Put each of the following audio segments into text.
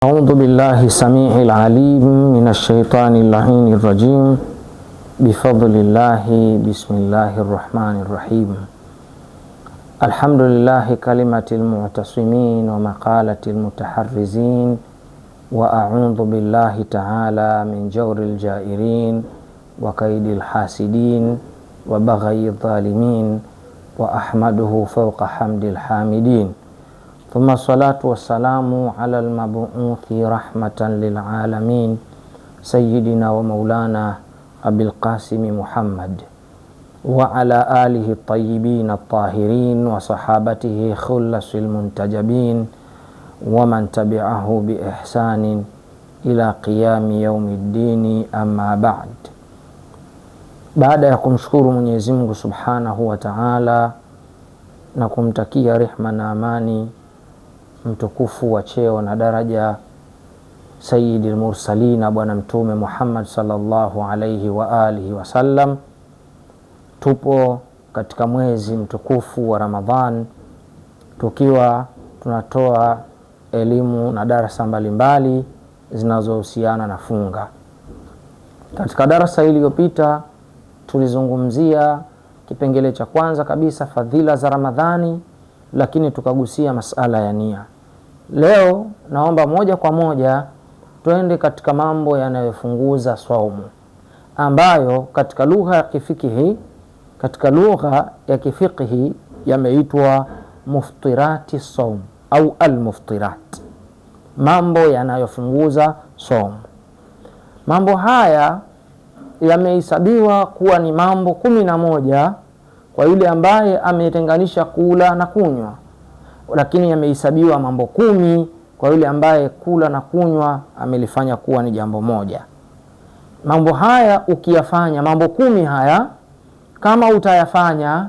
أعوذ بالله السميع العليم من الشيطان اللعين الرجيم بفضل الله بسم الله الرحمن الرحيم الحمد لله كلمة المعتصمين ومقالة المتحرزين وأعوذ بالله تعالى من جور الجائرين وكيد الحاسدين وبغي الظالمين وأحمده فوق حمد الحامدين Thumma salatu wassalamu ala almabuthi rahmatan lilalamin sayidina wa maulana abilqasimi Muhammad wa ala alihi tayibin tahirin wa sahabatihi khulasi lmuntajabin wa man tabiahu bi ihsanin ila qiyami yaumi ddini amma ba'd. Baada ya kumshukuru Mwenyezi Mungu subhanahu wa taala na kumtakia rehma na amani mtukufu wa cheo na daraja Sayyidil Mursalina, Bwana Mtume Muhammad sallallahu alaihi wa alihi wasallam. Tupo katika mwezi mtukufu wa Ramadhan tukiwa tunatoa elimu na darasa mbalimbali zinazohusiana na funga. Katika darasa iliyopita tulizungumzia kipengele cha kwanza kabisa, fadhila za Ramadhani, lakini tukagusia masala ya nia. Leo naomba moja kwa moja twende katika mambo yanayofunguza swaumu ambayo katika lugha ya kifikihi katika lugha ya kifikihi yameitwa muftirati saum au almuftirat, mambo yanayofunguza saumu. Mambo haya yamehesabiwa kuwa ni mambo kumi na moja kwa yule ambaye ametenganisha kula na kunywa lakini yamehesabiwa mambo kumi kwa yule ambaye kula na kunywa amelifanya kuwa ni jambo moja. Mambo haya ukiyafanya, mambo kumi haya kama utayafanya,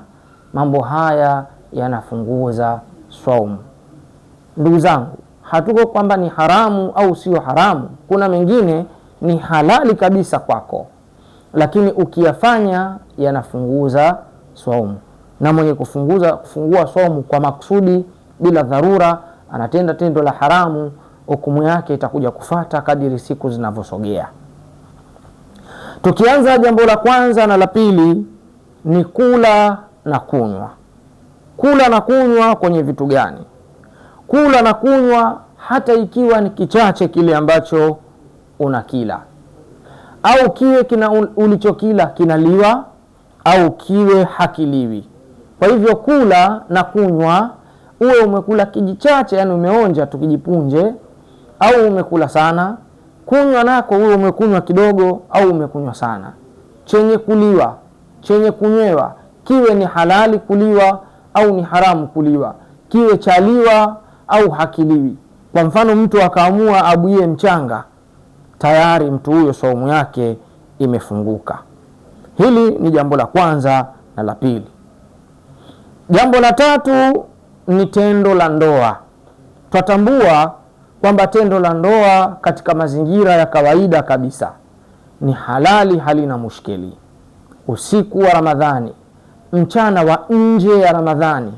mambo haya yanafunguza swaumu. Ndugu zangu, hatuko kwamba ni haramu au sio haramu. Kuna mengine ni halali kabisa kwako, lakini ukiyafanya yanafunguza swaumu, na mwenye kufunguza kufungua swaumu kwa maksudi bila dharura anatenda tendo la haramu, hukumu yake itakuja kufata kadiri siku zinavyosogea. Tukianza jambo la kwanza na la pili ni kula na kunywa. Kula na kunywa kwenye vitu gani? Kula na kunywa hata ikiwa ni kichache kile ambacho unakila au kiwe kina ulichokila kinaliwa au kiwe hakiliwi. Kwa hivyo kula na kunywa uwe umekula kijichache, yani umeonja tu kijipunje, au umekula sana. Kunywa nako uwe umekunywa kidogo au umekunywa sana. Chenye kuliwa chenye kunywewa kiwe ni halali kuliwa au ni haramu kuliwa, kiwe chaliwa au hakiliwi. Kwa mfano, mtu akaamua abuie mchanga, tayari mtu huyo saumu yake imefunguka. Hili ni jambo la kwanza na la pili. Jambo la tatu ni tendo la ndoa. Twatambua kwamba tendo la ndoa katika mazingira ya kawaida kabisa ni halali, halina mushkeli. Usiku wa Ramadhani, mchana wa nje ya Ramadhani,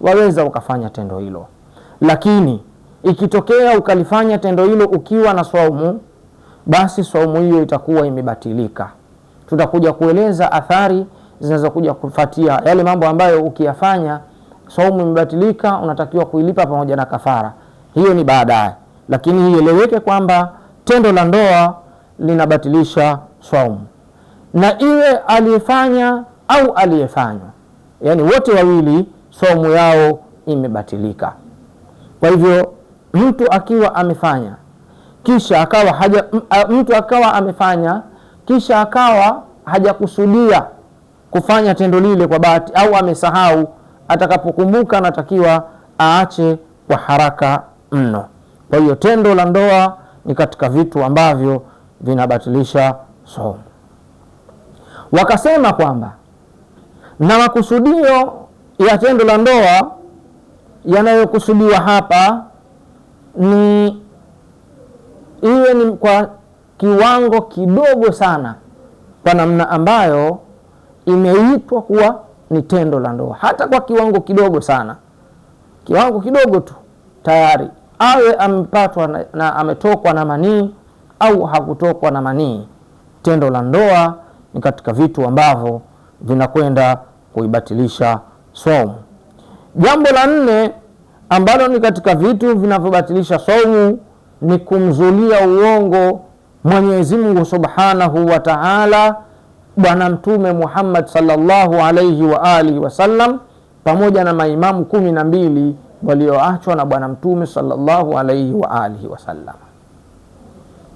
waweza ukafanya tendo hilo, lakini ikitokea ukalifanya tendo hilo ukiwa na swaumu, basi swaumu hiyo itakuwa imebatilika. Tutakuja kueleza athari zinazokuja kufuatia yale mambo ambayo ukiyafanya saumu imebatilika, unatakiwa kuilipa pamoja na kafara. Hiyo ni baadaye, lakini ieleweke kwamba tendo la ndoa linabatilisha saumu, na iwe aliyefanya au aliyefanywa, yaani wote wawili saumu yao imebatilika. Kwa hivyo mtu akiwa amefanya kisha akawa haja, mtu akawa amefanya kisha akawa hajakusudia kufanya tendo lile kwa bahati au amesahau atakapokumbuka anatakiwa aache kwa haraka mno. Kwa hiyo tendo la ndoa ni katika vitu ambavyo vinabatilisha somo. Wakasema kwamba na makusudio ya tendo la ndoa yanayokusudiwa hapa ni iwe ni kwa kiwango kidogo sana, kwa namna ambayo imeitwa kuwa ni tendo la ndoa, hata kwa kiwango kidogo sana, kiwango kidogo tu, tayari awe amepatwa na, na ametokwa na manii au hakutokwa na manii, tendo la ndoa ni katika vitu ambavyo vinakwenda kuibatilisha saumu. Jambo la nne ambalo ni katika vitu vinavyobatilisha saumu ni kumzulia uongo Mwenyezi Mungu Subhanahu wa Ta'ala Bwana Mtume Muhammad sallallahu alaihi wa alihi wasallam pamoja na maimamu kumi na mbili walioachwa na Bwana Mtume sallallahu alaihi wa alihi wasallam.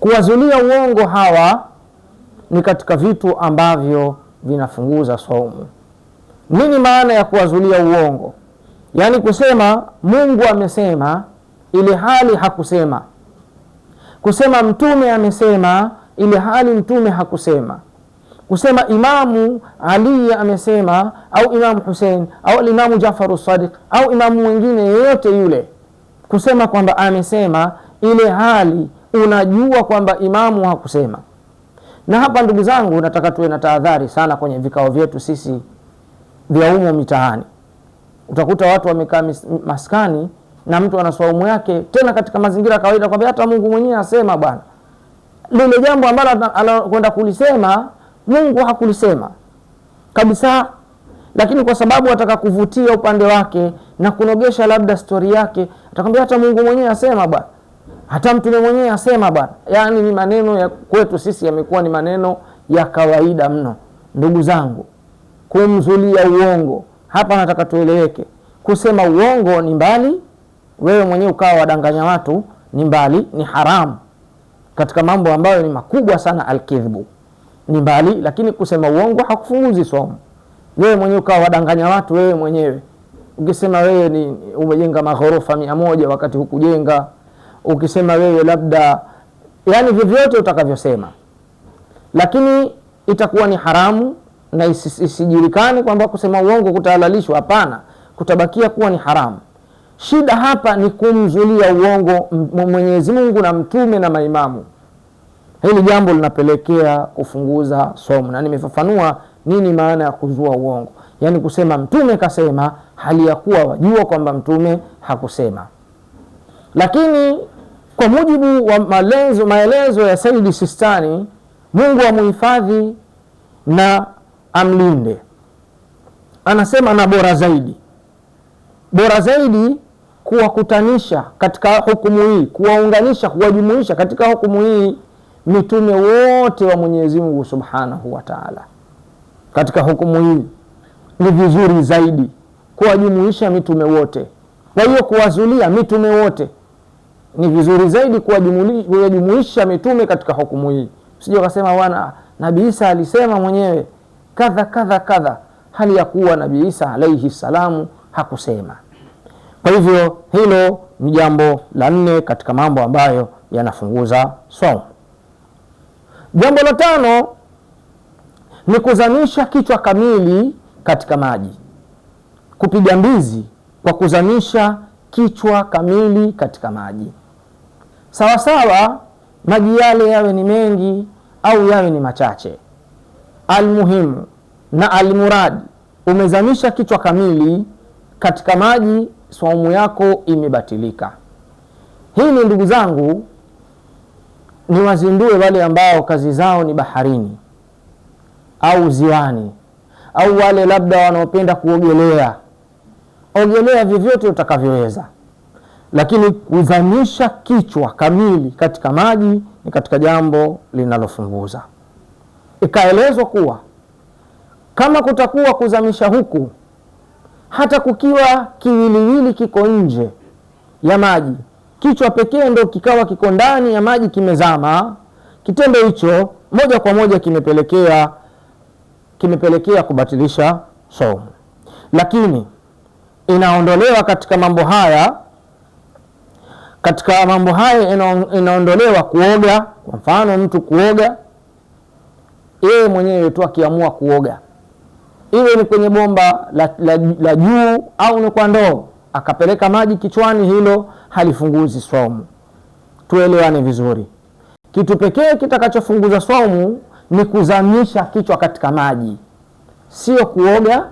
Kuwazulia uongo hawa ni katika vitu ambavyo vinafunguza saumu. Nini maana ya kuwazulia uongo? Yaani kusema Mungu amesema ili hali hakusema, kusema Mtume amesema ili hali Mtume hakusema kusema Imamu Ali amesema au Imamu Hussein au Alimamu Jafaru Sadiq au imamu mwingine yeyote yule, kusema kwamba amesema ile hali unajua kwamba imamu hakusema. Na hapa, ndugu zangu, nataka tuwe na tahadhari sana kwenye vikao vyetu sisi vya umo mitaani. Utakuta watu wamekaa maskani na mtu ana swaumu yake, tena katika mazingira ya kawaida, kwamba hata Mungu mwenyewe asema bwana, lile jambo ambalo anakwenda kulisema Mungu hakulisema kabisa, lakini kwa sababu ataka kuvutia upande wake na kunogesha labda stori yake, atakwambia hata Mungu mwenyewe asema bwana, hata mtume mwenyewe asema bwana. Yaani ni maneno ya kwetu sisi yamekuwa ni maneno ya kawaida mno, ndugu zangu. Kumzulia uongo hapa, nataka tueleweke, kusema uongo ni mbali, wewe mwenyewe ukawa wadanganya watu ni mbali, ni haramu katika mambo ambayo ni makubwa sana, alkidhbu ni mbali, lakini kusema uongo hakufunguzi somo. Wewe mwenyewe ukawa wadanganya watu wewe mwenyewe, ukisema wewe ni umejenga maghorofa mia moja wakati hukujenga, ukisema wewe labda, yani vyovyote utakavyosema, lakini itakuwa ni haramu na isijulikane kwamba kusema uongo kutahalalishwa. Hapana, kutabakia kuwa ni haramu. Shida hapa ni kumzulia uongo Mwenyezi Mungu na mtume na maimamu. Hili jambo linapelekea kufunguza somo, na nimefafanua nini maana ya kuzua uongo, yaani kusema mtume kasema, hali ya kuwa wajua kwamba mtume hakusema. Lakini kwa mujibu wa maelezo, maelezo ya Saidi Sistani, Mungu amuhifadhi na amlinde, anasema na bora zaidi, bora zaidi kuwakutanisha katika hukumu hii, kuwaunganisha, kuwajumuisha katika hukumu hii mitume wote wa Mwenyezi Mungu Subhanahu wa Ta'ala. Katika hukumu hii ni vizuri zaidi kuwajumuisha mitume wote, kwa hiyo kuwazulia mitume wote ni vizuri zaidi kuwajumuisha mitume katika hukumu hii. Sije ukasema wana Nabii Isa alisema mwenyewe kadha kadha kadha, hali ya kuwa Nabii Isa alaihi salamu hakusema. Kwa hivyo hilo ni jambo la nne katika mambo ambayo yanafunguza swaumu. Jambo la tano ni kuzamisha kichwa kamili katika maji. Kupiga mbizi kwa kuzamisha kichwa kamili katika maji, sawasawa maji yale yawe ni mengi au yawe ni machache. Almuhimu na almuradi, umezamisha kichwa kamili katika maji, swaumu yako imebatilika. Hii ni ndugu zangu ni wazindue wale ambao kazi zao ni baharini au ziwani au wale labda wanaopenda kuogelea. Ogelea vyovyote utakavyoweza, lakini kuzamisha kichwa kamili katika maji ni katika jambo linalofunguza Ikaelezwa kuwa kama kutakuwa kuzamisha huku hata kukiwa kiwiliwili kiko nje ya maji kichwa pekee ndo kikawa kiko ndani ya maji kimezama, kitendo hicho moja kwa moja kimepelekea kimepelekea kubatilisha somu lakini inaondolewa katika mambo haya katika mambo haya inaondolewa kuoga. Kwa mfano mtu kuoga yeye mwenyewe tu akiamua kuoga, iwe ni kwenye bomba la, la, la juu au ni kwa ndoo akapeleka maji kichwani, hilo halifunguzi swaumu. Tuelewane vizuri, kitu pekee kitakachofunguza swaumu ni kuzamisha kichwa katika maji, sio kuoga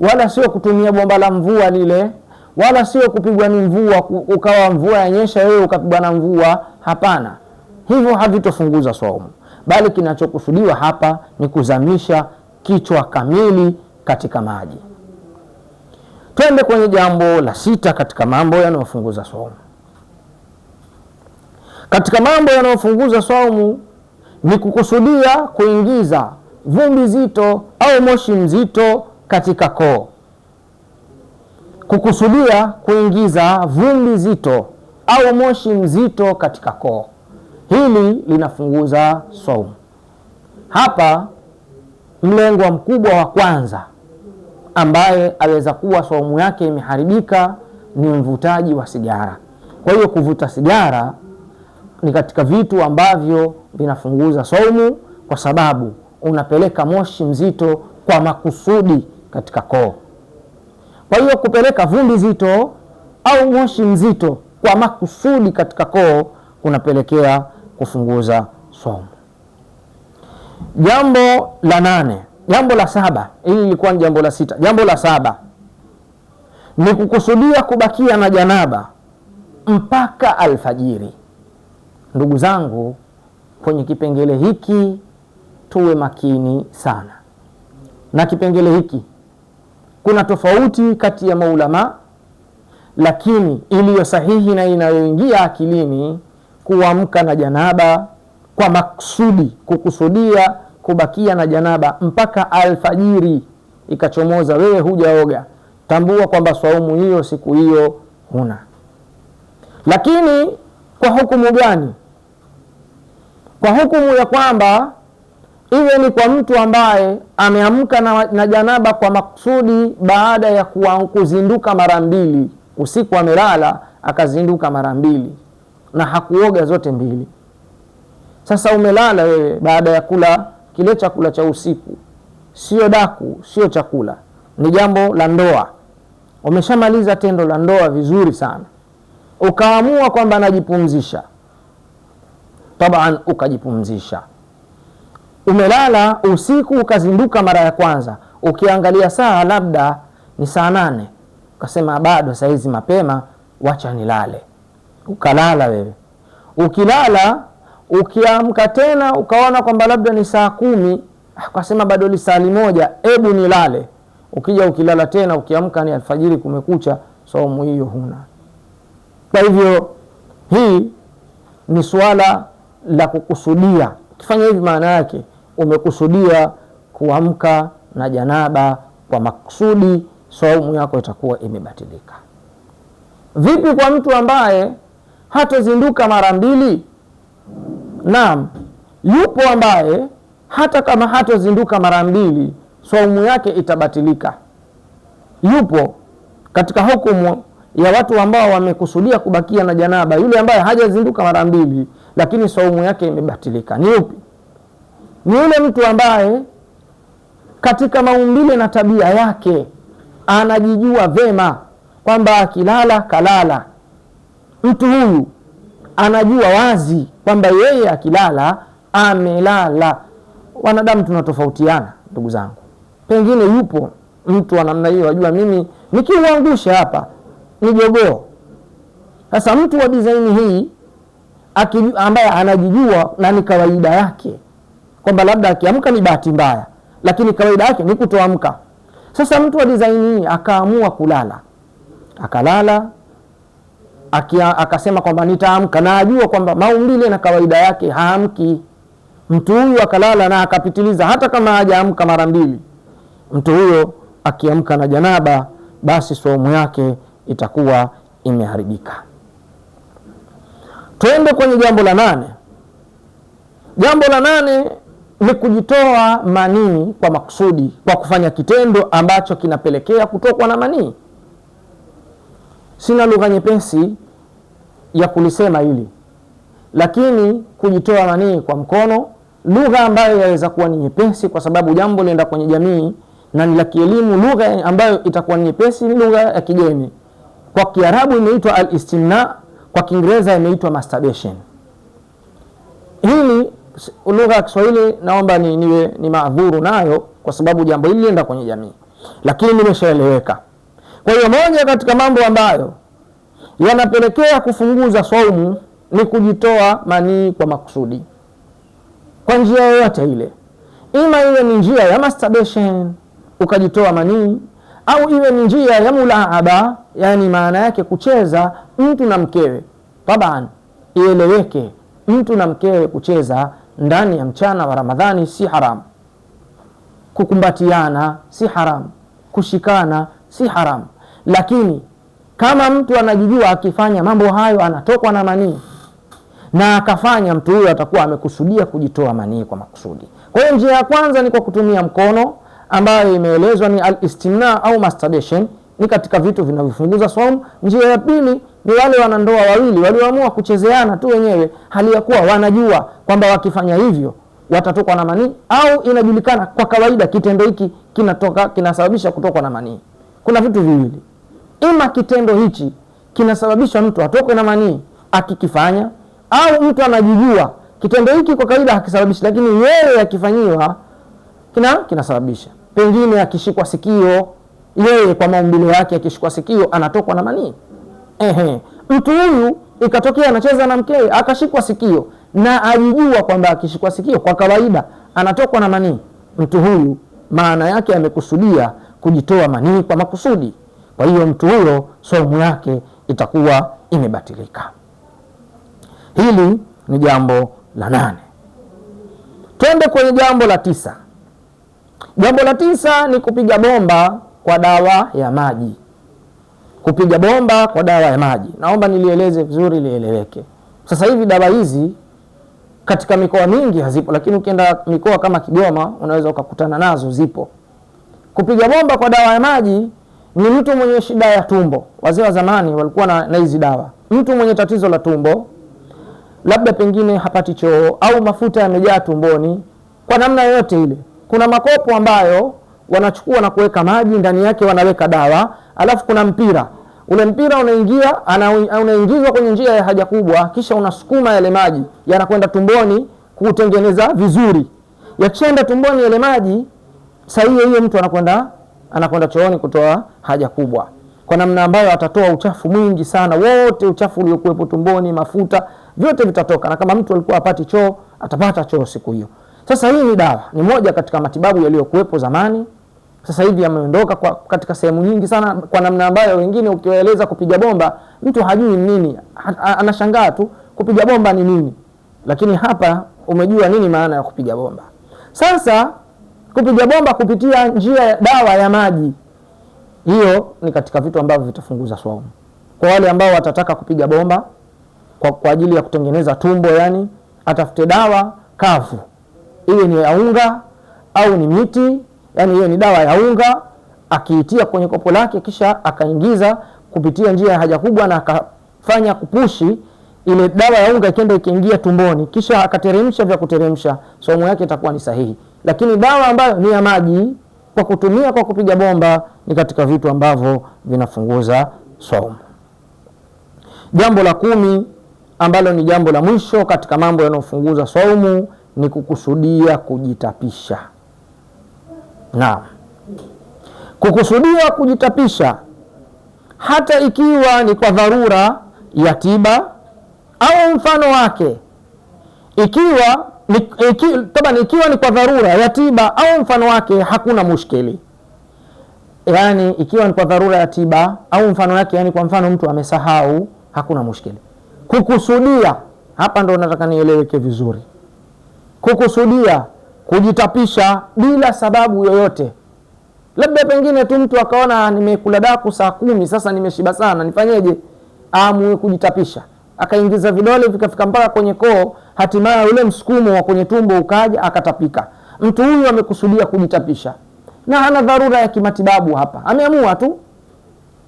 wala sio kutumia bomba la mvua lile wala sio kupigwa ni mvua, ukawa mvua yanyesha wewe ukapigwa na mvua. Hapana, hivyo havitofunguza swaumu, bali kinachokusudiwa hapa ni kuzamisha kichwa kamili katika maji. Twende kwenye jambo la sita katika mambo yanayofunguza saumu. Katika mambo yanayofunguza swaumu ni kukusudia kuingiza vumbi zito au moshi mzito katika koo. Kukusudia kuingiza vumbi zito au moshi mzito katika koo, hili linafunguza saumu. Hapa mlengwa mkubwa wa kwanza ambaye aweza kuwa saumu yake imeharibika ni mvutaji wa sigara. Kwa hiyo kuvuta sigara ni katika vitu ambavyo vinafunguza saumu, kwa sababu unapeleka moshi mzito kwa makusudi katika koo. Kwa hiyo kupeleka vumbi zito au moshi mzito kwa makusudi katika koo kunapelekea kufunguza saumu. Jambo la nane Jambo la saba, hili ilikuwa ni jambo la sita. Jambo la saba ni kukusudia kubakia na janaba mpaka alfajiri. Ndugu zangu, kwenye kipengele hiki tuwe makini sana na kipengele hiki. Kuna tofauti kati ya maulama, lakini iliyo sahihi na inayoingia akilini kuamka na janaba kwa maksudi, kukusudia kubakia na janaba mpaka alfajiri ikachomoza, wewe hujaoga, tambua kwamba swaumu hiyo siku hiyo huna. Lakini kwa hukumu gani? Kwa hukumu ya kwamba iwe ni kwa mtu ambaye ameamka na, na janaba kwa maksudi, baada ya kuwa, kuzinduka mara mbili usiku, amelala akazinduka mara mbili na hakuoga zote mbili. Sasa umelala wewe baada ya kula kile chakula cha usiku sio daku, sio chakula, ni jambo la ndoa. Umeshamaliza tendo la ndoa vizuri sana, ukaamua kwamba najipumzisha, taban, ukajipumzisha, umelala usiku, ukazinduka mara ya kwanza, ukiangalia saa labda ni saa nane, ukasema bado sahizi mapema, wacha nilale, ukalala wewe, ukilala ukiamka tena ukaona kwamba labda ni saa kumi ukasema bado ni saa moja, hebu nilale. Ukija ukilala tena ukiamka ni alfajiri, kumekucha, saumu hiyo huna. Kwa hivyo hii ni suala la kukusudia. Ukifanya hivi, maana yake umekusudia kuamka na janaba kwa maksudi saumu yako itakuwa imebatilika. Vipi kwa mtu ambaye hatozinduka mara mbili? Naam, yupo ambaye hata kama hatozinduka mara mbili swaumu yake itabatilika. Yupo katika hukumu ya watu ambao wamekusudia kubakia na janaba, yule ambaye hajazinduka mara mbili, lakini swaumu yake imebatilika. Ni yupi? Ni yule mtu ambaye katika maumbile na tabia yake anajijua vema kwamba akilala kalala. Mtu huyu anajua wazi kwamba yeye akilala amelala. Wanadamu tunatofautiana ndugu zangu, pengine yupo mtu wa namna hiyo, ajua mimi nikiuangusha hapa ni jogoo. Sasa mtu wa dizaini hii akiju, ambaye anajijua na ni kawaida yake kwamba labda akiamka ni bahati mbaya, lakini kawaida yake ni kutoamka. Sasa mtu wa dizaini hii akaamua kulala, akalala akasema kwamba nitaamka, na ajua kwamba maumbile na kawaida yake haamki. Mtu huyu akalala na akapitiliza, hata kama hajaamka mara mbili, mtu huyo akiamka na janaba, basi saumu yake itakuwa imeharibika. Twende kwenye jambo la nane. Jambo la nane ni kujitoa manii kwa maksudi kwa kufanya kitendo ambacho kinapelekea kutokwa na manii. Sina lugha nyepesi ya kulisema hili, lakini kujitoa manii kwa mkono, lugha ambayo yaweza kuwa ni nyepesi, kwa sababu jambo linaenda kwenye jamii na ni la kielimu. Lugha ambayo itakuwa ni nyepesi ni lugha ya kigeni. Kwa Kiarabu imeitwa al-istimna, kwa Kiingereza imeitwa masturbation. Hili lugha ya Kiswahili naomba ni, niwe ni maadhuru nayo, kwa sababu jambo hili linaenda kwenye jamii, lakini nimeshaeleweka. Kwa hiyo moja katika mambo ambayo yanapelekea kufunguza saumu ni kujitoa manii kwa makusudi, kwa njia yoyote ile, ima iwe ni njia ya masturbation ukajitoa manii, au iwe ni njia ya mulaaba, yani maana yake kucheza mtu na mkewe. Taban, ieleweke, mtu na mkewe kucheza ndani ya mchana wa Ramadhani si haramu, kukumbatiana si haramu, kushikana si haramu, lakini kama mtu anajijua akifanya mambo hayo anatokwa na manii na akafanya, mtu huyo atakuwa amekusudia kujitoa manii kwa makusudi. Kwa hiyo njia ya kwanza ni kwa kutumia mkono ambayo imeelezwa ni al-istimna au masturbation, ni katika vitu vinavyofunguza swaumu. Njia ya pili ni wale wanandoa wawili walioamua kuchezeana tu wenyewe, hali ya kuwa wanajua kwamba wakifanya hivyo watatokwa na manii, au inajulikana kwa kawaida kitendo hiki kinatoka kinasababisha kutokwa na manii. Kuna vitu viwili ima kitendo hichi kinasababisha mtu atokwe na manii akikifanya, au mtu anajijua kitendo hiki kwa kawaida hakisababishi, lakini yeye akifanyiwa kina kinasababisha. Pengine akishikwa sikio, yeye kwa maumbile yake akishikwa sikio anatokwa na manii. Ehe, mtu huyu ikatokea anacheza na mkee akashikwa sikio na alijua kwamba akishikwa sikio kwa kawaida anatokwa na manii, mtu huyu maana yake amekusudia kujitoa manii kwa makusudi. Kwa hiyo mtu huyo somu yake itakuwa imebatilika. Hili ni jambo la nane. Twende kwenye jambo la tisa. Jambo la tisa ni kupiga bomba kwa dawa ya maji. Kupiga bomba kwa dawa ya maji, naomba nilieleze vizuri, lieleweke. Sasa hivi dawa hizi katika mikoa mingi hazipo, lakini ukienda mikoa kama Kigoma unaweza ukakutana nazo, zipo. Kupiga bomba kwa dawa ya maji ni mtu mwenye shida ya tumbo. Wazee wa zamani walikuwa na hizi dawa. Mtu mwenye tatizo la tumbo, labda pengine hapati choo au mafuta yamejaa tumboni, kwa namna yoyote ile, kuna makopo ambayo wanachukua na kuweka maji ndani yake, wanaweka dawa, alafu kuna mpira ule mpira unaingia unaingizwa kwenye njia ya haja kubwa, kisha unasukuma yale maji yanakwenda tumboni kutengeneza vizuri. Yakishaenda tumboni yale maji, saa hiyo hiyo mtu anakwenda anakwenda chooni kutoa haja kubwa, kwa namna ambayo atatoa uchafu mwingi sana, wote uchafu uliokuwepo tumboni, mafuta, vyote vitatoka, na kama mtu alikuwa apati choo atapata choo siku hiyo. Sasa hii ni dawa, ni moja katika matibabu yaliyokuwepo zamani. Sasa hivi yameondoka katika sehemu nyingi sana, kwa namna ambayo wengine ukiwaeleza kupiga bomba mtu hajui nini, anashangaa tu kupiga bomba ni nini, lakini hapa umejua nini maana ya kupiga bomba sasa kupiga bomba kupitia njia dawa ya maji. Hiyo ni katika vitu ambavyo vitafunguza swaumu kwa wale ambao watataka kupiga bomba kwa, kwa ajili ya kutengeneza tumbo, yani atafute dawa kavu, iwe ni ya unga au ni miti, yani hiyo ni dawa ya unga, akiitia kwenye kopo lake, kisha akaingiza kupitia njia ya haja kubwa na akafanya kupushi ile dawa ya unga ikenda ikiingia tumboni, kisha akateremsha vya kuteremsha, saumu yake itakuwa ni sahihi. Lakini dawa ambayo ni ya maji kwa kutumia kwa kupiga bomba ni katika vitu ambavyo vinafunguza saumu. Jambo la kumi ambalo ni jambo la mwisho katika mambo yanayofunguza saumu ni kukusudia kujitapisha. Naam, kukusudia kujitapisha hata ikiwa ni kwa dharura ya tiba au mfano wake, ikiwa taban ikiwa ni kwa dharura ya tiba au mfano wake, hakuna mushkili. Yani ikiwa ni kwa dharura ya tiba au mfano wake, yani kwa mfano mtu amesahau, hakuna mushkili. Kukusudia hapa ndo nataka nieleweke vizuri. Kukusudia kujitapisha bila sababu yoyote, labda pengine tu mtu akaona nimekula daku saa kumi, sasa nimeshiba sana, nifanyeje? amue kujitapisha akaingiza vidole vikafika mpaka kwenye koo, hatimaye ule msukumo wa kwenye tumbo ukaja akatapika. Mtu huyu amekusudia kujitapisha na hana dharura ya kimatibabu hapa, ameamua tu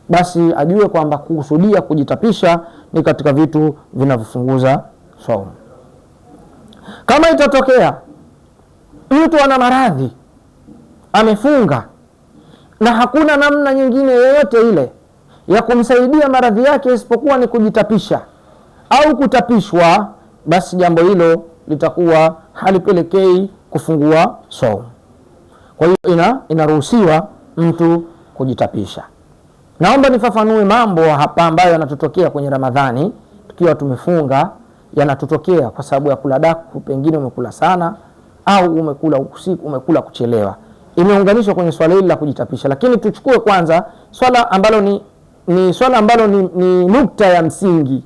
basi ajue kwamba kukusudia kujitapisha ni katika vitu vinavyofunguza saumu. Kama itatokea mtu ana maradhi amefunga na hakuna namna nyingine yoyote ile ya kumsaidia maradhi yake isipokuwa ni kujitapisha au kutapishwa, basi jambo hilo litakuwa halipelekei kufungua saumu. Kwa hiyo ina inaruhusiwa mtu kujitapisha. Naomba nifafanue mambo hapa ambayo yanatutokea kwenye Ramadhani tukiwa tumefunga, yanatutokea kwa sababu ya kula daku, pengine umekula sana au umekula usiku, umekula kuchelewa, imeunganishwa kwenye swala hili la kujitapisha. Lakini tuchukue kwanza swala ambalo ni, ni swala ambalo ni, ni nukta ya msingi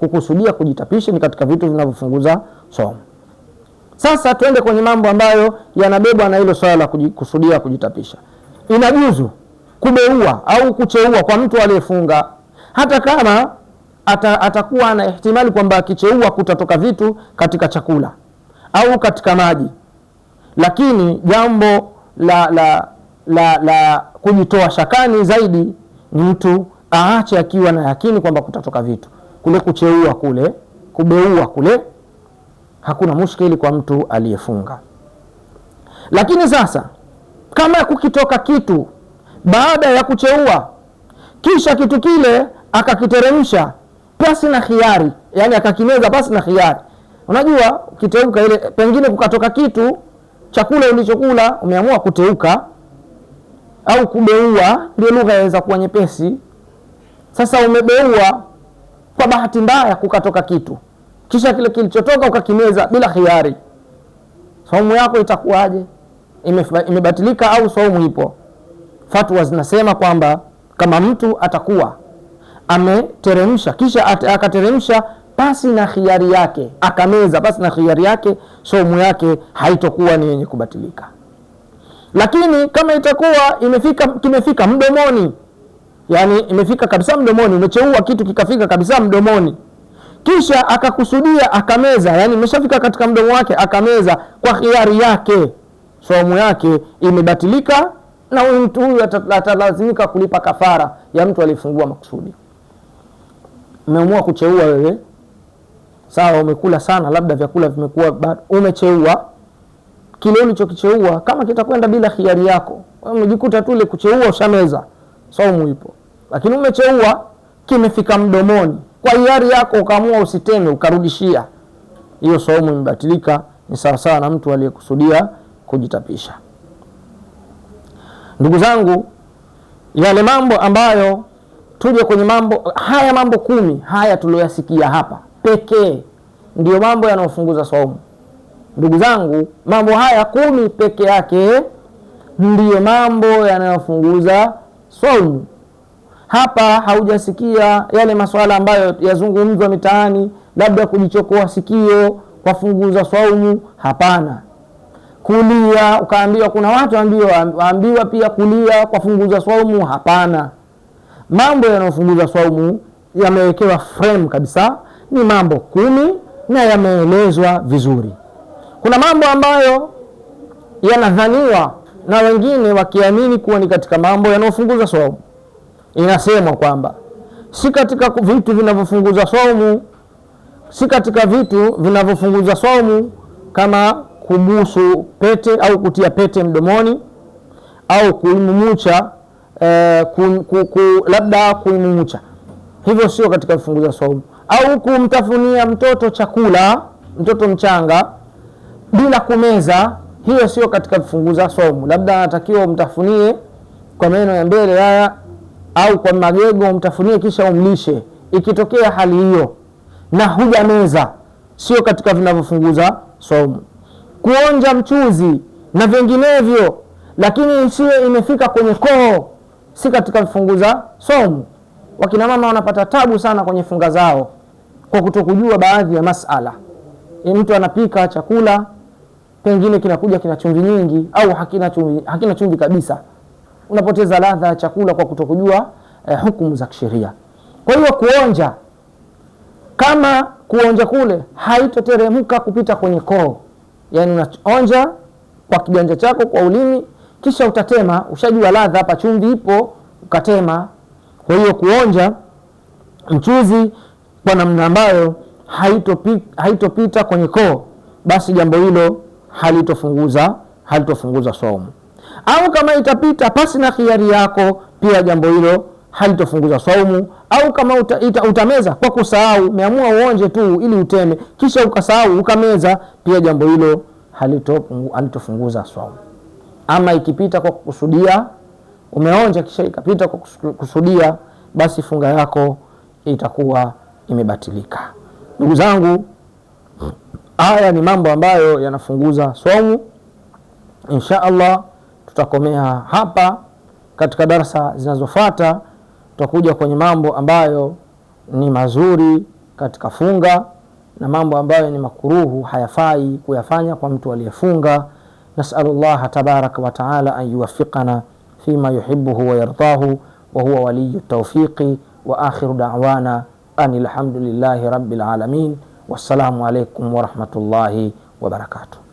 kukusudia kujitapisha ni katika vitu vinavyofunguza somo. Sasa tuende kwenye mambo ambayo yanabebwa na hilo swala la kukusudia kujitapisha. Inajuzu kubeua au kucheua kwa mtu aliyefunga, hata kama ata, atakuwa ana ihtimali kwamba akicheua kutatoka vitu katika chakula au katika maji, lakini jambo la, la, la, la kujitoa shakani zaidi ni mtu aache akiwa na yakini kwamba kutatoka vitu kule kucheua kule kubeua kule hakuna mushkili kwa mtu aliyefunga. Lakini sasa kama kukitoka kitu baada ya kucheua, kisha kitu kile akakiteremsha pasi na khiari, yani akakimeza pasi na khiari. Unajua ukiteuka ile, pengine kukatoka kitu chakula ulichokula umeamua kuteuka au kubeua, ndio lugha yaweza kuwa nyepesi. Sasa umebeua kwa bahati mbaya kukatoka kitu, kisha kile kilichotoka ukakimeza bila khiari, saumu yako itakuwaje? Imebatilika au saumu ipo? Fatwa zinasema kwamba kama mtu atakuwa ameteremsha kisha akateremsha pasi na khiari yake, akameza pasi na khiari yake, saumu yake haitokuwa ni yenye kubatilika. Lakini kama itakuwa imefika kimefika mdomoni yani imefika kabisa mdomoni, umecheua kitu kikafika kabisa mdomoni, kisha akakusudia akameza, yani imeshafika katika mdomo wake akameza kwa khiari yake, saumu yake imebatilika na mtu huyu atalazimika kulipa kafara ya mtu aliyefungua makusudi. Umeamua kucheua wewe, sawa, umekula sana, labda vyakula vimekuwa, bado, umecheua kile ulichokicheua, kama kitakwenda bila hiari yako, umejikuta tu ile kucheua ushameza, saumu ipo lakini umecheua kimefika mdomoni, kwa hiari yako ukaamua usiteme, ukarudishia, hiyo saumu imebatilika. Ni sawasawa na mtu aliyekusudia kujitapisha. Ndugu zangu, yale mambo ambayo tuje kwenye mambo haya, mambo kumi haya tulioyasikia hapa pekee ndiyo mambo yanayofunguza saumu. Ndugu zangu, mambo haya kumi peke yake ndiyo mambo yanayofunguza saumu hapa haujasikia yale masuala ambayo yazungumzwa mitaani, labda kujichokoa sikio kwa fungu za swaumu. Hapana, kulia ukaambiwa. Kuna watu waambiwa pia kulia kwa fungu za swaumu. Hapana, mambo yanayofunguza swaumu yamewekewa frame kabisa, ni mambo kumi na yameelezwa vizuri. Kuna mambo ambayo yanadhaniwa na wengine wakiamini kuwa ni katika mambo yanayofunguza swaumu inasemwa kwamba si katika vitu vinavyofunguza saumu, si katika vitu vinavyofunguza saumu kama kubusu pete au kutia pete mdomoni au kuimumucha e, eh, ku, ku, ku, labda kuimumucha, hivyo sio katika vifunguza saumu, au kumtafunia mtoto chakula, mtoto mchanga bila kumeza, hiyo sio katika vifunguza saumu. Labda anatakiwa umtafunie kwa meno ya mbele haya au kwa magego umtafunie kisha umlishe. Ikitokea hali hiyo na huja meza sio katika vinavyofunguza somu Kuonja mchuzi na vinginevyo, lakini isiwe imefika kwenye koo, si katika vifunguza somu Wakina mama wanapata tabu sana kwenye funga zao kwa kutokujua baadhi ya masala. E, mtu anapika chakula pengine kinakuja kina chumvi nyingi au hakina chumvi, hakina chumvi kabisa unapoteza ladha ya chakula kwa kutokujua eh, hukumu za kisheria. Kwa hiyo kuonja, kama kuonja kule haitoteremka kupita kwenye koo, yani unaonja kwa kiganja chako kwa ulimi, kisha utatema. Ushajua ladha, hapa chumvi ipo, ukatema. Kwa hiyo kuonja mchuzi kwa namna ambayo haitopita haitopita kwenye koo, basi jambo hilo halitofunguza halitofunguza saumu au kama itapita pasi na khiari yako, pia jambo hilo halitofunguza saumu. Au kama uta, ita, utameza kwa kusahau, umeamua uonje tu ili uteme, kisha ukasahau ukameza, pia jambo hilo halitofunguza saumu. Ama ikipita kwa kukusudia, umeonja kisha ikapita kwa kusudia basi funga yako itakuwa imebatilika. Ndugu zangu, haya ni mambo ambayo yanafunguza saumu insha Allah tutakomea hapa. Katika darsa zinazofuata, tutakuja kwenye mambo ambayo ni mazuri katika funga na mambo ambayo ni makuruhu hayafai kuyafanya kwa mtu aliyefunga. Nasalu llaha tabaraka wa taala an yuwafiqana fima yuhibuhu wa yardahu wa huwa waliyu taufiqi wa akhiru da'wana an alhamdulillahi rabbil alamin. Wassalamu alaikum warahmatullahi wabarakatuh.